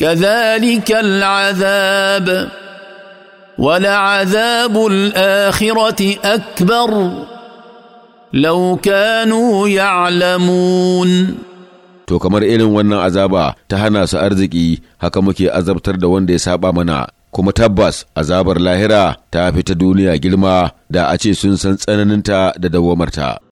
كذلك العذاب ولعذاب الاخره اكبر لو كانوا يعلمون to kamar irin wannan azaba ta hana su arziki haka muke azabtar da wanda ya saba mana kuma tabbas azabar lahira ta fi ta duniya girma da a ce sun san tsananinta da dawwamarta